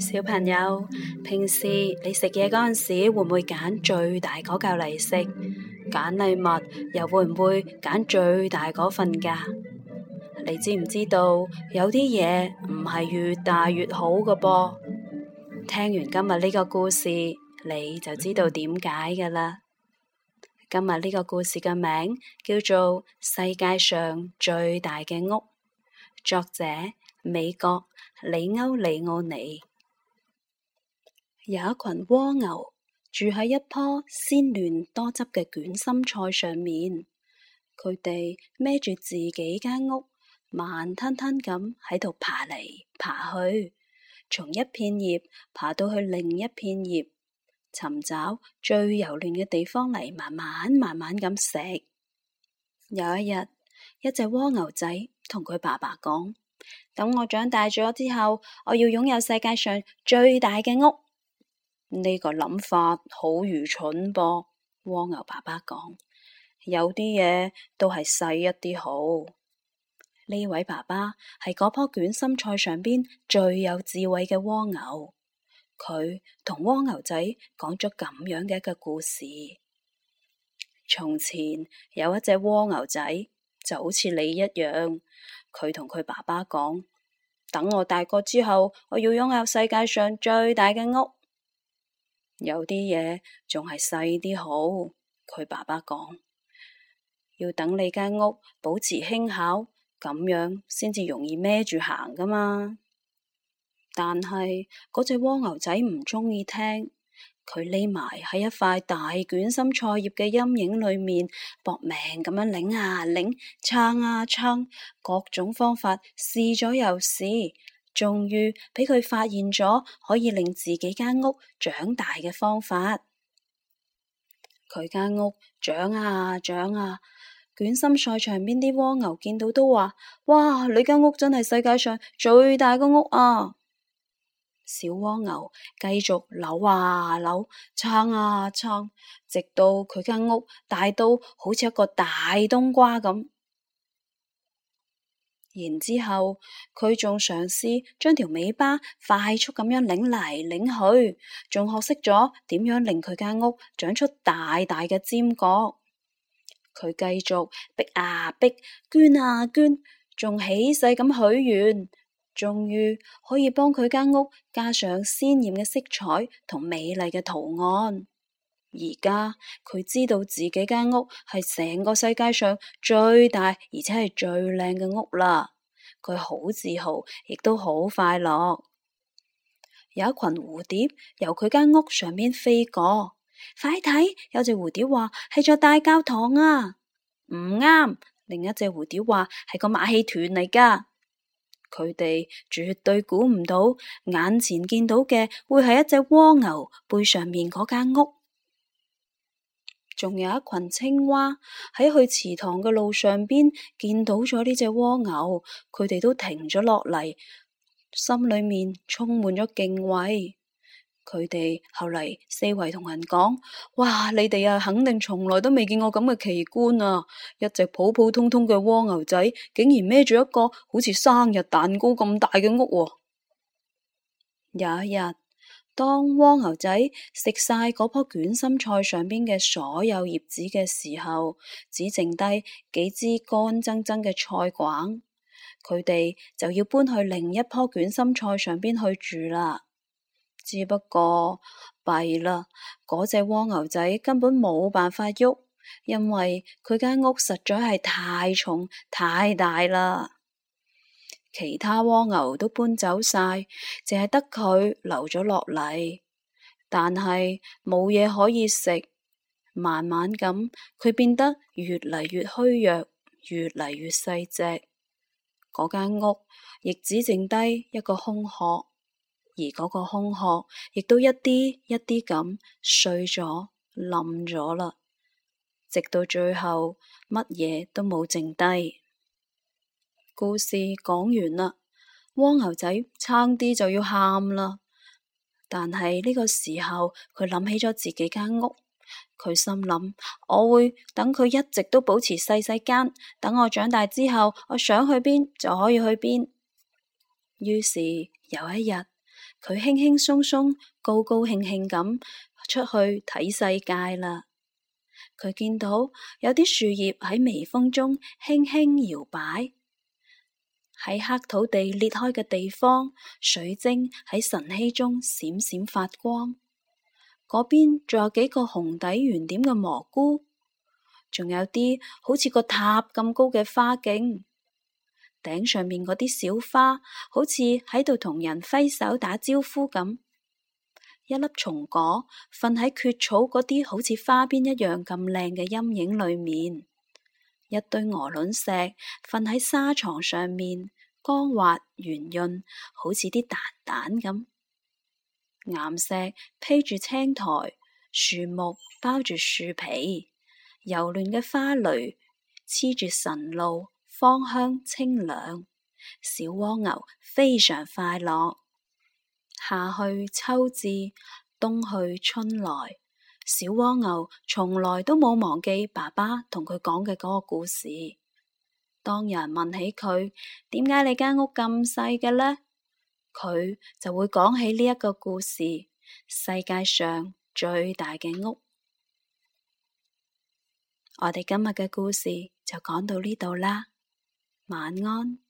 小朋友，平時你食嘢嗰陣時會唔會揀最大嗰嚿嚟食？揀禮物又會唔會揀最大嗰份噶？你知唔知道有啲嘢唔係越大越好噶噃，聽完今日呢個故事，你就知道點解噶啦。今日呢個故事嘅名叫做《世界上最大嘅屋》，作者美國李歐李奧尼。有一群蝸牛住喺一棵鮮嫩多汁嘅卷心菜上面，佢哋孭住自己間屋，慢吞吞咁喺度爬嚟爬去，從一片葉爬到去另一片葉，尋找最柔嫩嘅地方嚟，慢慢慢慢咁食。有一日，一隻蝸牛仔同佢爸爸講：等我長大咗之後，我要擁有世界上最大嘅屋。呢個諗法好愚蠢噃啊，蝸牛爸爸講有啲嘢都係細一啲好。呢位爸爸係嗰棵卷心菜上邊最有智慧嘅蝸牛，佢同蝸牛仔講咗咁樣嘅一個故事。從前有一隻蝸牛仔，就好似你一樣，佢同佢爸爸講：等我大個之後，我要擁有世界上最大嘅屋。有啲嘢仲係細啲好，佢爸爸講，要等你間屋保持輕巧，咁樣先至容易孭住行噶嘛。但係嗰隻蝸牛仔唔中意聽，佢匿埋喺一塊大捲心菜葉嘅陰影裏面，搏命咁樣擰啊擰，撐啊撐，各種方法試咗又試。終於俾佢發現咗可以令自己間屋長大嘅方法。佢間屋長啊，長啊，卷心菜場邊啲蝸牛見到都話：哇！你間屋真係世界上最大個屋啊！小蝸牛繼續扭啊扭，撐啊撐，直到佢間屋大到好似一個大冬瓜咁。然之後，佢仲嘗試將條尾巴快速咁樣擰嚟擰去，仲學識咗點樣令佢間屋長出大大嘅尖角。佢繼續逼啊逼，捐啊捐，仲起勢咁許願，終於可以幫佢間屋加上鮮艷嘅色彩同美麗嘅圖案。而家佢知道自己間屋係成個世界上最大而且係最靚嘅屋啦。佢好自豪，亦都好快樂。有一群蝴蝶由佢間屋上面飛過，快睇！有隻蝴蝶話係座大教堂啊，唔啱。另一隻蝴蝶話係個馬戲團嚟㗎。佢哋絕對估唔到眼前見到嘅會係一隻蝸牛背上面嗰間屋。仲有一群青蛙喺去池塘嘅路上邊見到咗呢隻蝸牛，佢哋都停咗落嚟，心裏面充滿咗敬畏。佢哋後嚟四圍同人講：哇！你哋啊，肯定從來都未見過咁嘅奇觀啊！一隻普普通通嘅蝸牛仔，竟然孭住一個好似生日蛋糕咁大嘅屋喔。有一日。當蝸牛仔食晒嗰棵卷心菜上邊嘅所有葉子嘅時候，只剩低幾支乾錚錚嘅菜梗，佢哋就要搬去另一棵卷心菜上邊去住啦。只不過弊啦，嗰隻蝸牛仔根本冇辦法喐，因為佢間屋實在係太重太大啦。其他蝸牛都搬走晒，淨係得佢留咗落嚟，但係冇嘢可以食。慢慢咁，佢變得越嚟越虛弱，越嚟越細隻。嗰間屋亦只剩低一個空殼，而嗰個空殼亦都一啲一啲咁碎咗、冧咗啦，直到最後，乜嘢都冇剩低。故事講完啦，蝸牛仔差啲就要喊啦。但係呢個時候，佢諗起咗自己間屋，佢心諗：我會等佢一直都保持細細間，等我長大之後，我想去邊就可以去邊。於是有一日，佢輕輕鬆鬆、高高興興咁出去睇世界啦。佢見到有啲樹葉喺微風中輕輕搖擺。輕輕喺黑土地裂開嘅地方，水晶喺晨曦中閃閃發光。嗰邊仲有幾個紅底圓點嘅蘑菇，仲有啲好似個塔咁高嘅花徑，頂上面嗰啲小花好似喺度同人揮手打招呼咁。一粒松果瞓喺蕨草嗰啲好似花邊一樣咁靚嘅陰影裏面。一堆鵝卵石瞓喺沙床上面，光滑圓潤，好似啲蛋蛋咁。岩石披住青苔，樹木包住樹皮，柔嫩嘅花蕾黐住晨露，芳香清涼。小蝸牛非常快樂，夏去秋至，冬去春來。小蝸牛從來都冇忘記爸爸同佢講嘅嗰個故事。當有人問起佢，點解你間屋咁細嘅呢？佢就會講起呢一個故事：世界上最大嘅屋。我哋今日嘅故事就講到呢度啦，晚安。